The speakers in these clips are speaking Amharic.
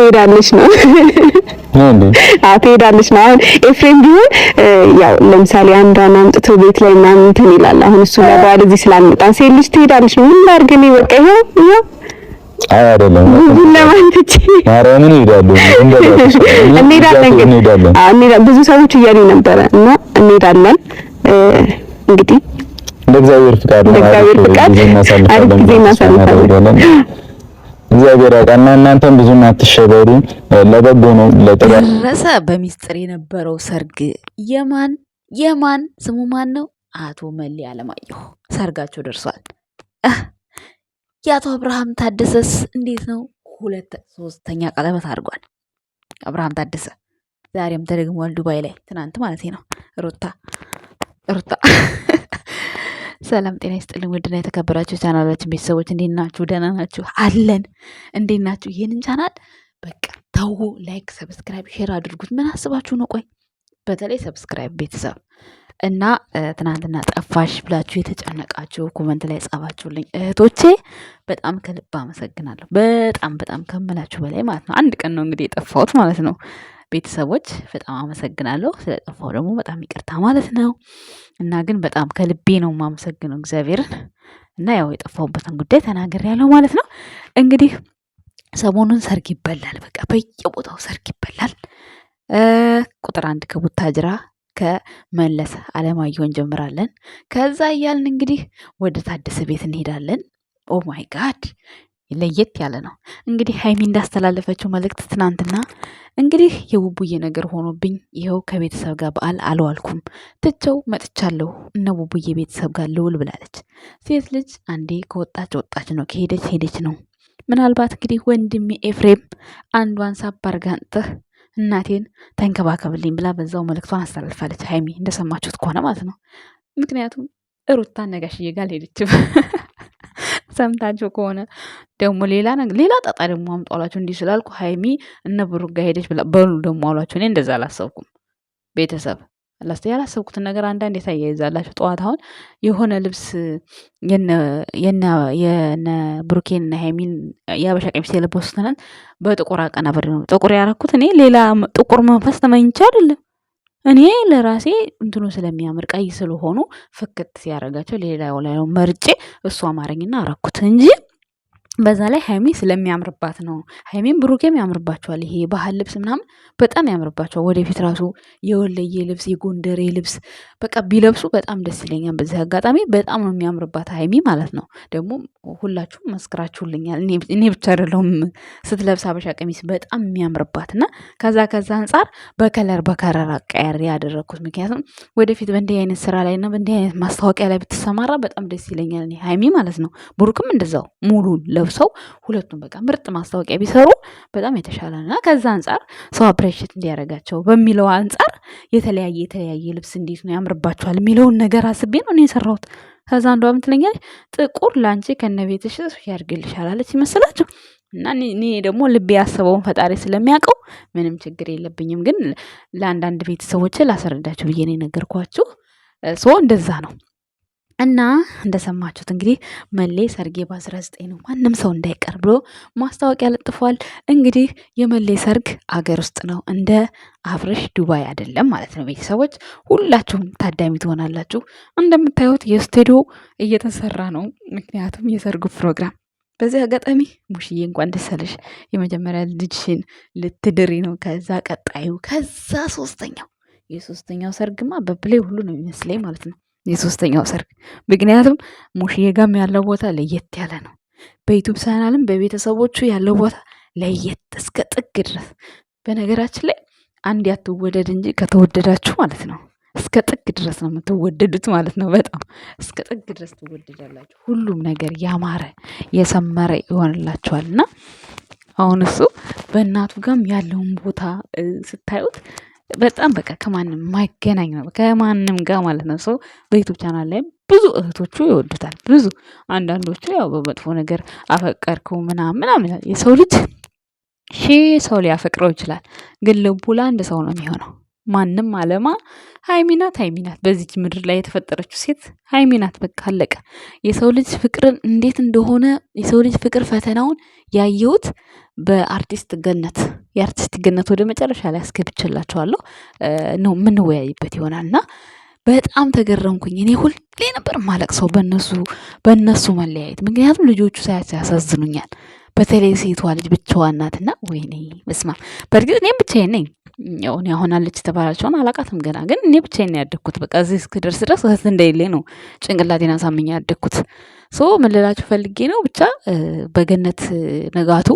ትሄዳለች ነው ትሄዳለች ነው። አሁን ኤፍሬም ቢሆን ያው ለምሳሌ አንዷን አምጥቶ ቤት ላይ ምናምን እንትን ይላል። አሁን እሱ ጋር እዚህ ስላልመጣን ሴት ልጅ ትሄዳለች ነው ምን ላድርግ እኔ በቃ ይኸው ይኸው ብዙ ሰዎች እያሉ ነበረ እና እንሄዳለን እንግዲህ እንደ እግዚአብሔር ፍቃድ አሪፍ ጊዜ እናሳልፋለን። እግዚአብሔር ያውቃልና እናንተም ብዙም አትሸበሩ። ለበጎ ነው። ለደረሰ በሚስጥር የነበረው ሰርግ የማን የማን ስሙ ማን ነው? አቶ መሌ አለማየሁ ሰርጋቸው ደርሷል። የአቶ አብርሃም ታደሰስ እንዴት ነው? ሁለት ሶስተኛ ቀለበት አድርጓል አብርሃም ታደሰ። ዛሬም ተደግሟል ዱባይ ላይ ትናንት ማለት ነው ሩታ ሩታ ሰላም ጤና ይስጥልኝ። ውድና የተከበራችሁ ቻናላችን ቤተሰቦች እንዴት ናችሁ? ደህና ናችሁ? አለን እንዴት ናችሁ? ይህንን ቻናል በቃ ተዉ፣ ላይክ፣ ሰብስክራይብ፣ ሼር አድርጉት። ምን አስባችሁ ነው? ቆይ በተለይ ሰብስክራይብ ቤተሰብ እና ትናንትና ጠፋሽ ብላችሁ የተጨነቃችሁ ኮመንት ላይ ጻፋችሁልኝ እህቶቼ በጣም ከልብ አመሰግናለሁ። በጣም በጣም ከምላችሁ በላይ ማለት ነው። አንድ ቀን ነው እንግዲህ የጠፋሁት ማለት ነው። ቤተሰቦች በጣም አመሰግናለሁ። ስለጠፋው ደግሞ በጣም ይቅርታ ማለት ነው። እና ግን በጣም ከልቤ ነው የማመሰግነው እግዚአብሔርን እና ያው የጠፋሁበትን ጉዳይ ተናገር ያለው ማለት ነው። እንግዲህ ሰሞኑን ሰርግ ይበላል፣ በቃ በየቦታው ሰርግ ይበላል። ቁጥር አንድ ከቡታጅራ ከመለስ አለማየሁ እንጀምራለን። ከዛ እያልን እንግዲህ ወደ ታደሰ ቤት እንሄዳለን። ኦ ማይ ጋድ ለየት ያለ ነው። እንግዲህ ሀይሚ እንዳስተላለፈችው መልእክት ትናንትና እንግዲህ የቡቡዬ ነገር ሆኖብኝ ይኸው ከቤተሰብ ጋር በዓል አልዋልኩም፣ ትቸው መጥቻለሁ እነ ቡቡዬ ቤተሰብ ጋር ልውል ብላለች። ሴት ልጅ አንዴ ከወጣች ወጣች ነው፣ ከሄደች ሄደች ነው። ምናልባት እንግዲህ ወንድሜ ኤፍሬም አንዷን ሳብ አርጋንጥህ እናቴን ተንከባከብልኝ ብላ በዛው መልእክቷን አስተላልፋለች። ሀይሚ እንደሰማችሁት ከሆነ ማለት ነው። ምክንያቱም ሩታ ነጋሽዬ ጋር አልሄደችም። ሰምታችሁ ከሆነ ደግሞ ሌላ ነገር ሌላ ጣጣ ደግሞ አምጡ አሏቸው። እንዲህ ስላልኩ ሀይሚ እነ ብሩክ ጋር ሄደች ብላ በሉ ደግሞ አሏቸው። እኔ እንደዛ አላሰብኩም። ቤተሰብ ላስ ያላሰብኩትን ነገር አንዳንዴ ታያይዛላችሁ። ጠዋት አሁን የሆነ ልብስ የነ ብሩኬንና ሀይሚን የአበሻ ቀሚስ የለበሱትንን በጥቁር አቀናበር ነው ጥቁር ያረኩት እኔ ሌላ ጥቁር መንፈስ ተመኝቼ አይደለም እኔ ለራሴ እንትኑ ስለሚያምር ቀይ ስለሆኑ ፍክት ሲያደርጋቸው ሌላው ላዩ መርጬ እሱ አማረኝና አረኩት እንጂ በዛ ላይ ሀይሚ ስለሚያምርባት ነው። ሀይሚም ብሩኬም ያምርባቸዋል። ይሄ የባህል ልብስ ምናምን በጣም ያምርባቸዋል። ወደፊት ራሱ የወለየ ልብስ፣ የጎንደሬ ልብስ በቃ ቢለብሱ በጣም ደስ ይለኛል። በዚህ አጋጣሚ በጣም ነው የሚያምርባት ሀይሚ ማለት ነው። ደግሞ ሁላችሁም መስክራችሁልኛል። እኔ ብቻ አይደለሁም ስትለብስ አበሻ ቀሚስ በጣም የሚያምርባት እና ከዛ ከዛ አንጻር በከለር በከረር አቀያሪ ያደረግኩት ምክንያቱም ወደፊት በእንዲህ አይነት ስራ ላይ እና በእንዲህ አይነት ማስታወቂያ ላይ ብትሰማራ በጣም ደስ ይለኛል። ሀይሚ ማለት ነው። ብሩክም እንደዛው ሙሉን ሰው ሁለቱም በቃ ምርጥ ማስታወቂያ ቢሰሩ በጣም የተሻለ እና ከዛ አንጻር ሰው አፕሬሽት እንዲያደርጋቸው በሚለው አንጻር የተለያየ የተለያየ ልብስ እንዴት ነው ያምርባቸዋል የሚለውን ነገር አስቤ ነው እኔ የሰራሁት። ከዛ አንዷ ምትለኛለች ጥቁር ለአንቺ ከነቤትሽ ያድርግልሻል አለች ይመስላችሁ። እና እኔ ደግሞ ልቤ ያሰበውን ፈጣሪ ስለሚያውቀው ምንም ችግር የለብኝም። ግን ለአንዳንድ ቤተሰቦች ላስረዳቸው ብዬ ነው የነገርኳችሁ። ሶ እንደዛ ነው። እና እንደሰማችሁት እንግዲህ መሌ ሰርጌ በ19 ነው ማንም ሰው እንዳይቀር ብሎ ማስታወቂያ ለጥፏል። እንግዲህ የመሌ ሰርግ አገር ውስጥ ነው፣ እንደ አፍረሽ ዱባይ አይደለም ማለት ነው። ቤተሰቦች ሁላችሁም ታዳሚ ትሆናላችሁ። እንደምታዩት የስቱዲዮ እየተሰራ ነው፣ ምክንያቱም የሰርጉ ፕሮግራም በዚህ አጋጣሚ ሙሽዬ እንኳን ደስ አለሽ፣ የመጀመሪያ ልጅሽን ልትድሪ ነው። ከዛ ቀጣዩ፣ ከዛ ሶስተኛው የሶስተኛው ሰርግማ በፕሌይ ሁሉ ነው የሚመስለኝ ማለት ነው። የሶስተኛው ሰርግ። ምክንያቱም ሙሽዬ ጋም ያለው ቦታ ለየት ያለ ነው። በዩቱብ ቻናልም በቤተሰቦቹ ያለው ቦታ ለየት እስከ ጥግ ድረስ። በነገራችን ላይ አንድ ያትወደድ እንጂ ከተወደዳችሁ ማለት ነው እስከ ጥግ ድረስ ነው የምትወደዱት ማለት ነው። በጣም እስከ ጥግ ድረስ ትወደዳላችሁ። ሁሉም ነገር ያማረ የሰመረ ይሆንላችኋል እና አሁን እሱ በእናቱ ጋም ያለውን ቦታ ስታዩት በጣም በቃ ከማንም የማይገናኝ ነው ከማንም ጋር ማለት ነው። ሰው በዩቱብ ቻናል ላይም ብዙ እህቶቹ ይወዱታል። ብዙ አንዳንዶቹ ያው በመጥፎ ነገር አፈቀርከው ምናምን ምናምን የሰው ልጅ ሺህ ሰው ሊያፈቅረው ይችላል፣ ግን ልቡ ለአንድ ሰው ነው የሚሆነው። ማንም አለማ ሀይሚናት ሀይሚናት በዚች ምድር ላይ የተፈጠረችው ሴት ሀይሚናት በቃ አለቀ። የሰው ልጅ ፍቅርን እንዴት እንደሆነ የሰው ልጅ ፍቅር ፈተናውን ያየሁት በአርቲስት ገነት የአርቲስት ገነት ወደ መጨረሻ ላይ አስገብቼላችኋለሁ ነው የምንወያይበት ይሆናል እና በጣም ተገረምኩኝ። እኔ ሁሌ ነበር ማለቅሰው በነሱ በነሱ መለያየት፣ ምክንያቱም ልጆቹ ሳያቸው ያሳዝኑኛል። በተለይ ሴቷ ልጅ ብቻዋን ናትና፣ ወይኔ መስማ በእርግጥ እኔም ብቻዬን ነኝ ሆን ያሆናለች የተባላቸውን አላቃትም ገና ግን እኔ ብቻዬን ነው ያደግኩት። በቃ እዚህ እስክደርስ ድረስ እህት እንደሌለኝ ነው ጭንቅላቴን አሳምኜ ያደግኩት። ሶ ምልላችሁ ፈልጌ ነው ብቻ በገነት ንጋቱ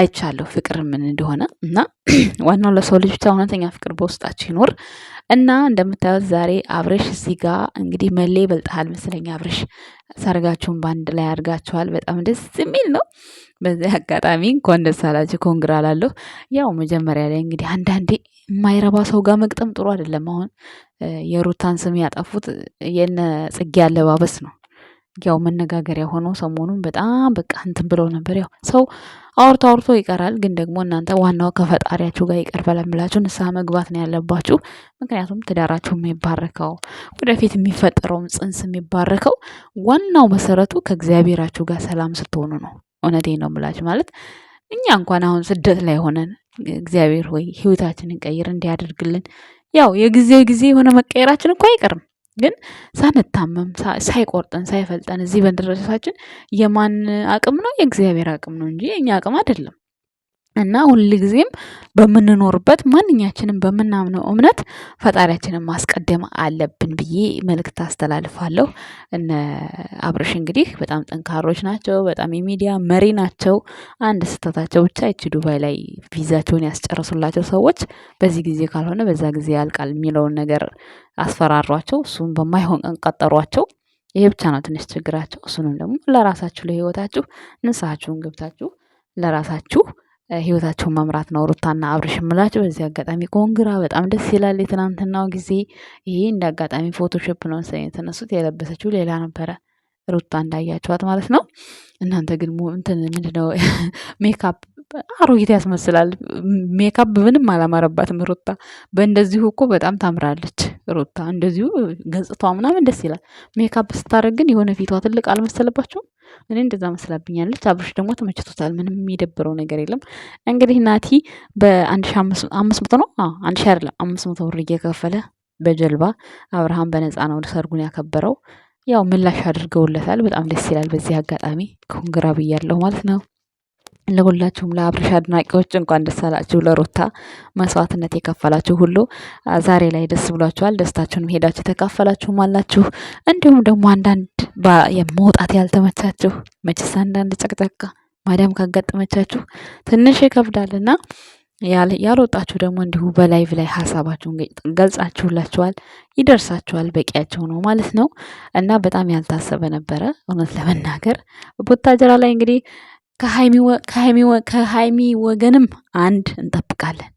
አይቻለሁ ፍቅር ምን እንደሆነ እና ዋናው ለሰው ልጅ ብቻ እውነተኛ ፍቅር በውስጣችሁ ይኖር። እና እንደምታዩት ዛሬ አብርሽ እዚህ ጋ እንግዲህ መሌ ይበልጥሃል መሰለኝ። አብርሽ ሰርጋችሁን በአንድ ላይ አድርጋችኋል። በጣም ደስ የሚል ነው። በዚህ አጋጣሚ እንኳን ደስ አላችሁ፣ ኮንግራ አላለሁ። ያው መጀመሪያ ላይ እንግዲህ አንዳንዴ የማይረባ ሰው ጋር መቅጠም ጥሩ አይደለም። አሁን የሩታን ስም ያጠፉት የነ ጽጌ አለባበስ ነው። ያው መነጋገሪያ ሆኖ ሰሞኑን በጣም በቃ እንትን ብለው ነበር። ያው ሰው አውርቶ አውርቶ ይቀራል። ግን ደግሞ እናንተ ዋናው ከፈጣሪያችሁ ጋር ይቅር ብላችሁ ንስሐ መግባት ነው ያለባችሁ። ምክንያቱም ትዳራችሁ የሚባረከው ወደፊት የሚፈጠረውም ጽንስ የሚባረከው ዋናው መሰረቱ ከእግዚአብሔራችሁ ጋር ሰላም ስትሆኑ ነው። እውነቴ ነው የምላችሁ ማለት እኛ እንኳን አሁን ስደት ላይ ሆነን እግዚአብሔር ወይ ህይወታችንን ቀይር እንዲያደርግልን ያው የጊዜ ጊዜ የሆነ መቀየራችን እኮ አይቀርም ግን ሳንታመም ሳይቆርጠን ሳይፈልጠን እዚህ በመድረሳችን የማን አቅም ነው? የእግዚአብሔር አቅም ነው እንጂ የእኛ አቅም አይደለም። እና ሁልጊዜም በምንኖርበት ማንኛችንም በምናምነው እምነት ፈጣሪያችንን ማስቀደም አለብን ብዬ መልእክት አስተላልፋለሁ። እነ አብርሽ እንግዲህ በጣም ጠንካሮች ናቸው። በጣም የሚዲያ መሪ ናቸው። አንድ ስህተታቸው ብቻ ይቺ ዱባይ ላይ ቪዛቸውን ያስጨርሱላቸው ሰዎች በዚህ ጊዜ ካልሆነ በዛ ጊዜ ያልቃል የሚለውን ነገር አስፈራሯቸው። እሱም በማይሆን ቀን ቀጠሯቸው። ይሄ ብቻ ነው ትንሽ ችግራቸው። እሱንም ደግሞ ለራሳችሁ ለህይወታችሁ ንስሐችሁን ገብታችሁ ለራሳችሁ ህይወታቸውን መምራት ነው። ሩታና አብርሽ የምላቸው በዚህ አጋጣሚ ኮንግራ በጣም ደስ ይላል። የትናንትናው ጊዜ ይሄ እንደ አጋጣሚ ፎቶሾፕ ነው የተነሱት። የለበሰችው ሌላ ነበረ ሩታ እንዳያቸዋት ማለት ነው። እናንተ ግን ምንድነው ሜካፕ አሮጊት ያስመስላል። ሜካፕ ምንም አላማረባትም ሩታ። በእንደዚሁ እኮ በጣም ታምራለች ሩታ፣ እንደዚሁ ገጽቷ ምናምን ደስ ይላል። ሜካፕ ስታደርግ ግን የሆነ ፊቷ ትልቅ አልመሰለባችሁም? እኔ እንደዛ መስላብኛለች። አብርሽ ደግሞ ተመችቶታል። ምንም የሚደብረው ነገር የለም። እንግዲህ ናቲ በአንድ ሺ አምስት መቶ ነው አንድ ሺ አይደለም አምስት መቶ ብር እየከፈለ በጀልባ አብርሃም በነፃ ነው ሰርጉን ያከበረው። ያው ምላሽ አድርገውለታል። በጣም ደስ ይላል። በዚህ አጋጣሚ ኮንግራ ብያለሁ ማለት ነው። ለሁላችሁም ለአብርሽ አድናቂዎች እንኳን ደስ አላችሁ። ለሩታ መስዋዕትነት የከፈላችሁ ሁሉ ዛሬ ላይ ደስ ብሏችኋል። ደስታችሁንም ሄዳችሁ የተካፈላችሁም አላችሁ። እንዲሁም ደግሞ አንዳንድ መውጣት ያልተመቻችሁ መችስ አንዳንድ ጨቅጨቃ ማዳም ካጋጠመቻችሁ ትንሽ ይከብዳልና ያልወጣችሁ ደግሞ እንዲሁ በላይቭ ላይ ሀሳባችሁን ገልጻችሁላችኋል። ይደርሳችኋል፣ በቂያቸው ነው ማለት ነው እና በጣም ያልታሰበ ነበረ እውነት ለመናገር ቡታጀራ ላይ እንግዲህ ከሀይሚ ወገንም አንድ እንጠብቃለን፣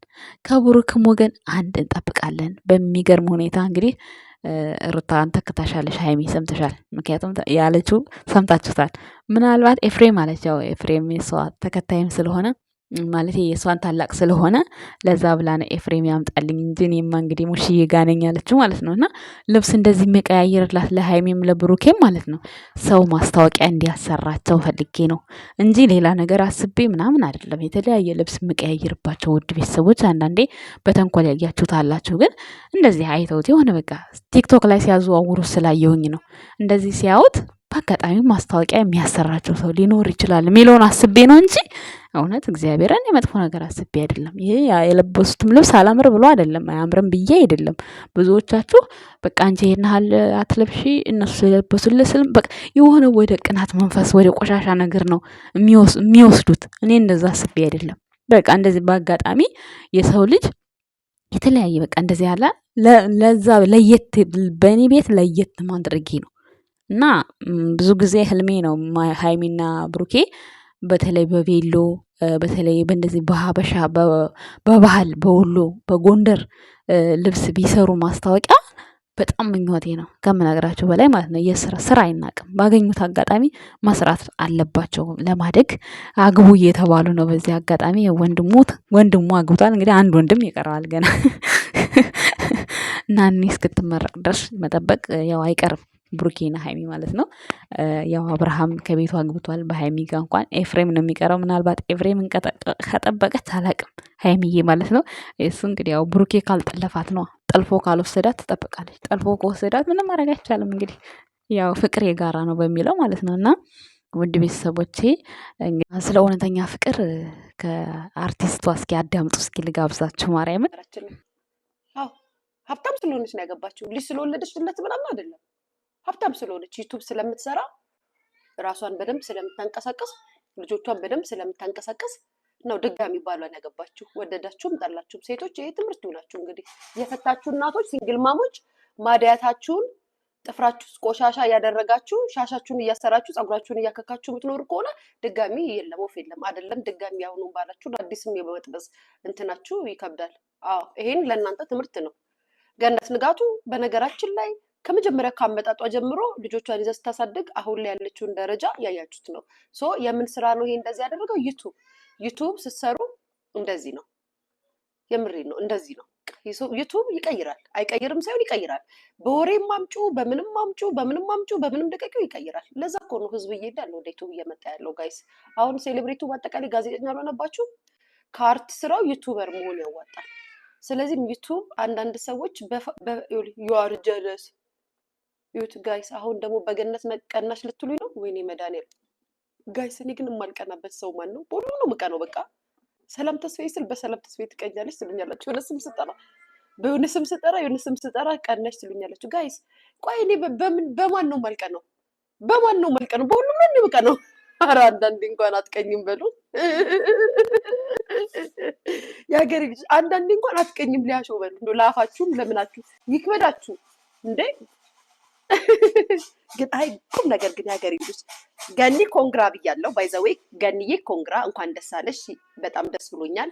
ከብሩክም ወገን አንድ እንጠብቃለን። በሚገርም ሁኔታ እንግዲህ ሩታን ተክታሻለሽ ሀይሚ ሰምተሻል። ምክንያቱም ያለችው ሰምታችሁታል። ምናልባት ኤፍሬም አለች፣ ያው ኤፍሬም ሰዋ ተከታይም ስለሆነ ማለት የእሷን ታላቅ ስለሆነ ለዛ ብላ ነው ኤፍሬም ያምጣልኝ እንጂ እኔማ እንግዲህ ሙሽዬ ጋ ነኝ ማለት ነው። እና ልብስ እንደዚህ መቀያየርላት ለሀይሜም ለብሩኬም ማለት ነው ሰው ማስታወቂያ እንዲያሰራቸው ፈልጌ ነው እንጂ ሌላ ነገር አስቤ ምናምን አይደለም። የተለያየ ልብስ መቀያየርባቸው ውድ ቤተሰቦች፣ አንዳንዴ በተንኮል ያያችሁት አላችሁ። ግን እንደዚህ አይተውት የሆነ በቃ ቲክቶክ ላይ ሲያዘዋውሩ ስላየውኝ ነው እንደዚህ ሲያዩት በአጋጣሚ ማስታወቂያ የሚያሰራቸው ሰው ሊኖር ይችላል የሚለውን አስቤ ነው እንጂ እውነት እግዚአብሔርን የመጥፎ ነገር አስቤ አይደለም። ይሄ የለበሱትም ልብስ አላምር ብሎ አይደለም አያምርም ብዬ አይደለም። ብዙዎቻችሁ በቃ እንጂ ይሄን አትለብሺ፣ እነሱ የለበሱት ልስልም በቃ የሆነ ወደ ቅናት መንፈስ ወደ ቆሻሻ ነገር ነው የሚወስዱት። እኔ እንደዛ አስቤ አይደለም። በቃ እንደዚህ በአጋጣሚ የሰው ልጅ የተለያየ በቃ እንደዚህ ያለ ለዛ ለየት በእኔ ቤት ለየት ማድረጌ ነው እና ብዙ ጊዜ ህልሜ ነው ሀይሚና ብሩኬ በተለይ በቬሎ በተለይ በእንደዚህ በሀበሻ በባህል በወሎ በጎንደር ልብስ ቢሰሩ ማስታወቂያ በጣም ምኞቴ ነው ከምነግራቸው በላይ ማለት ነው። የስራ ስራ አይናቅም። ባገኙት አጋጣሚ መስራት አለባቸው ለማደግ። አግቡ እየተባሉ ነው። በዚህ አጋጣሚ ወንድሙ ወንድሙ አግብቷል። እንግዲህ አንድ ወንድም ይቀረዋል ገና እና እኔ እስክትመረቅ ድረስ መጠበቅ ያው አይቀርም። ብሩኬና ሀይሚ ማለት ነው። ያው አብርሃም ከቤቱ አግብቷል። በሀይሚ ጋ እንኳን ኤፍሬም ነው የሚቀረው። ምናልባት ኤፍሬምን ከጠበቀች አላቅም ሀይሚዬ ማለት ነው። እሱ እንግዲህ ያው ብሩኬ ካልጠለፋት ነው፣ ጠልፎ ካልወሰዳት ትጠብቃለች። ጠልፎ ከወሰዳት ምንም ማድረግ አይቻልም። እንግዲህ ያው ፍቅር የጋራ ነው በሚለው ማለት ነው እና ውድ ቤተሰቦቼ ስለ እውነተኛ ፍቅር ከአርቲስቷ እስኪ አዳምጡ እስኪ ልጋብዛችሁ። ማርያምን ሀብታም ስለሆነች ነው ያገባችው። ልጅ ስለወለደችለት ምናምን አይደለም። ሀብታም ስለሆነች ዩቱብ ስለምትሰራ ራሷን በደንብ ስለምታንቀሳቀስ ልጆቿን በደንብ ስለምታንቀሳቀስ ነው ድጋሚ ባሏን ያገባችሁ። ወደዳችሁም ጠላችሁም ሴቶች ይሄ ትምህርት ይሆናችሁ። እንግዲህ የፈታችሁ እናቶች፣ ሲንግል ማሞች ማዳያታችሁን ጥፍራችሁ ቆሻሻ እያደረጋችሁ ሻሻችሁን እያሰራችሁ ጸጉራችሁን እያከካችሁ የምትኖሩ ከሆነ ድጋሚ የለም ወፍ የለም አይደለም። ድጋሚ ያሁኑ ባላችሁ አዲስም የመበጥበስ እንትናችሁ ይከብዳል። አዎ ይሄን ለእናንተ ትምህርት ነው። ገነት ንጋቱ በነገራችን ላይ ከመጀመሪያ ካመጣጧ ጀምሮ ልጆቿን ይዛ ስታሳድግ አሁን ላይ ያለችውን ደረጃ ያያችሁት ነው። ሶ የምን ስራ ነው ይሄ እንደዚህ ያደረገው? ዩቱብ ዩቱብ ስትሰሩ እንደዚህ ነው። የምሬ ነው፣ እንደዚህ ነው። ዩቱብ ይቀይራል። አይቀይርም ሳይሆን ይቀይራል። በወሬም አምጩ፣ በምንም አምጩ፣ በምንም አምጩ፣ በምንም ደቂው ይቀይራል። ለዛ እኮ ነው ህዝብ እየሄዳል ወደ ዩቱብ እየመጣ ያለው ጋይስ። አሁን ሴሌብሬቱ በአጠቃላይ ጋዜጠኛ አልሆነባችሁም ከአርት ስራው ዩቱበር መሆን ያዋጣል። ስለዚህም ዩቱብ አንዳንድ ሰዎች ዩአር ጀለስ ዩት ጋይስ፣ አሁን ደግሞ በገነት መቀናሽ ልትሉ ነው? ወይኔ መድኃኒዓለም ጋይስ፣ እኔ ግን የማልቀናበት ሰው ማን ነው? በሁሉ ነው ምቀ ነው። በቃ ሰላም ተስፋዬ ስል በሰላም ተስፋዬ ትቀኛለች ትሉኛላችሁ። የሆነ ስም ስጠራ በሆነ ስም ስጠራ የሆነ ስም ስጠራ ቀናሽ ትሉኛላችሁ። ጋይስ፣ ቆይ እኔ በምን በማን ነው ማልቀ ነው? በማን ነው ማልቀ ነው? በሁሉም ነው ምቀ ነው። አረ አንዳንዴ እንኳን አትቀኝም በሉ የሀገሬ ልጅ፣ አንዳንዴ እንኳን አትቀኝም ሊያሾ በሉ። እንደው ለአፋችሁም ለምናችሁ ይክበዳችሁ እንዴ ግን አይ ቁም ነገር ግን የሀገሬ ልጆች ገኒ ኮንግራ ብያለው። ባይዘዌ ገኒዬ ኮንግራ እንኳን ደስ አለሽ። በጣም ደስ ብሎኛል።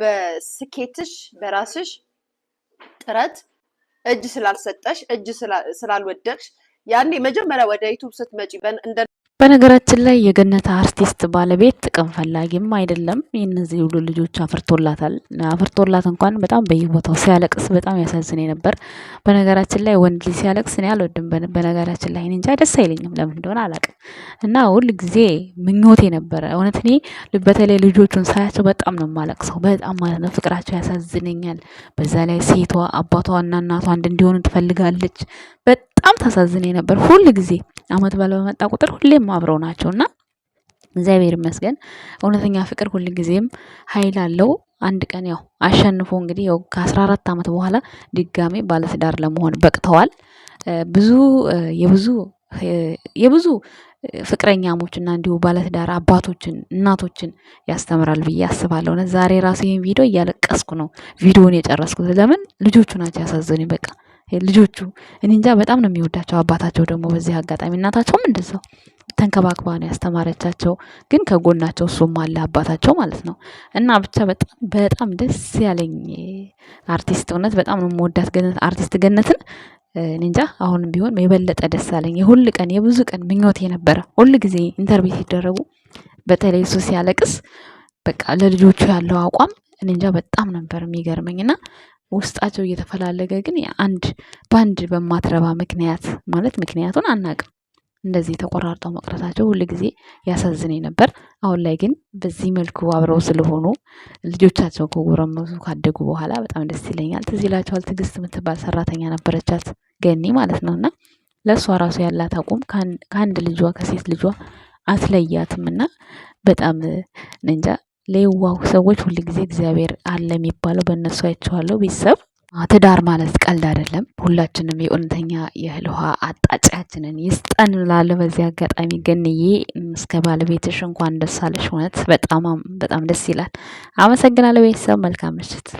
በስኬትሽ በራስሽ ጥረት እጅ ስላልሰጠሽ እጅ ስላልወደቅሽ ያኔ መጀመሪያ ወደ ዩቱብ ስትመጪ በነገራችን ላይ የገነት አርቲስት ባለቤት ጥቅም ፈላጊም አይደለም። የእነዚህ ሁሉ ልጆች አፍርቶላታል። አፍርቶላት እንኳን በጣም በየቦታው ሲያለቅስ በጣም ያሳዝን ነበር። በነገራችን ላይ ወንድ ልጅ ሲያለቅስ እኔ አልወድም። በነገራችን ላይ እንጃ ደስ አይለኝም፣ ለምን እንደሆነ አላውቅም። እና ሁል ጊዜ ምኞቴ ነበረ እውነት። እኔ በተለይ ልጆቹን ሳያቸው በጣም ነው የማለቅሰው፣ በጣም ማለት ነው። ፍቅራቸው ያሳዝነኛል። በዛ ላይ ሴቷ አባቷ አባቷና እናቷ አንድ እንዲሆኑ ትፈልጋለች። በጣም በጣም ታሳዝን ነበር። ሁል ጊዜ አመት በዓል በመጣ ቁጥር ሁሌም አብረው ናቸውና እግዚአብሔር ይመስገን። እውነተኛ ፍቅር ሁል ጊዜም ኃይል አለው። አንድ ቀን ያው አሸንፎ እንግዲህ ያው ከአስራ አራት አመት በኋላ ድጋሜ ባለትዳር ለመሆን በቅተዋል። ብዙ የብዙ የብዙ ፍቅረኛሞችና እንዲሁ ባለትዳር አባቶችን እናቶችን ያስተምራል ብዬ አስባለሁ። ዛሬ ራሱ ይህን ቪዲዮ እያለቀስኩ ነው ቪዲዮን የጨረስኩት። ለምን ልጆቹ ናቸው ያሳዘኑኝ በቃ ልጆቹ እኔ እንጃ በጣም ነው የሚወዳቸው። አባታቸው ደግሞ በዚህ አጋጣሚ እናታቸውም እንደዛው ተንከባክባ ነው ያስተማረቻቸው። ግን ከጎናቸው እሱም አለ አባታቸው ማለት ነው። እና ብቻ በጣም በጣም ደስ ያለኝ አርቲስት እውነት በጣም ነው የምወዳት ገነት አርቲስት ገነትን እንጃ አሁንም ቢሆን የበለጠ ደስ አለኝ። የሁል ቀን የብዙ ቀን ምኞት የነበረ ሁል ጊዜ ኢንተርቪው ሲደረጉ በተለይ እሱ ሲያለቅስ በቃ ለልጆቹ ያለው አቋም እንጃ በጣም ነበር የሚገርመኝ እና ውስጣቸው እየተፈላለገ ግን አንድ በአንድ በማትረባ ምክንያት ማለት ምክንያቱን አናቅም እንደዚህ ተቆራርጠው መቅረታቸው ሁል ጊዜ ያሳዝነኝ ነበር። አሁን ላይ ግን በዚህ መልኩ አብረው ስለሆኑ ልጆቻቸው ከጎረመሱ ካደጉ በኋላ በጣም ደስ ይለኛል። ትዝ ይላቸዋል። ትዕግስት የምትባል ሰራተኛ ነበረቻት ገኒ ማለት ነው። እና ለእሷ ራሱ ያላት አቁም ከአንድ ልጇ ከሴት ልጇ አትለያትም እና በጣም እንጃ ለየዋሁ ሰዎች ሁል ጊዜ እግዚአብሔር አለ የሚባለው በእነሱ አይቼዋለሁ። ቤተሰብ ትዳር ማለት ቀልድ አይደለም። ሁላችንም የእውነተኛ የእህል ውሃ አጣጫችንን ይስጠን በዚህ አጋጣሚ ገንዬ እስከ ባለቤትሽ እንኳን ደስ አለሽ። እውነት በጣም በጣም ደስ ይላል። አመሰግናለሁ ቤተሰብ። መልካም ምሽት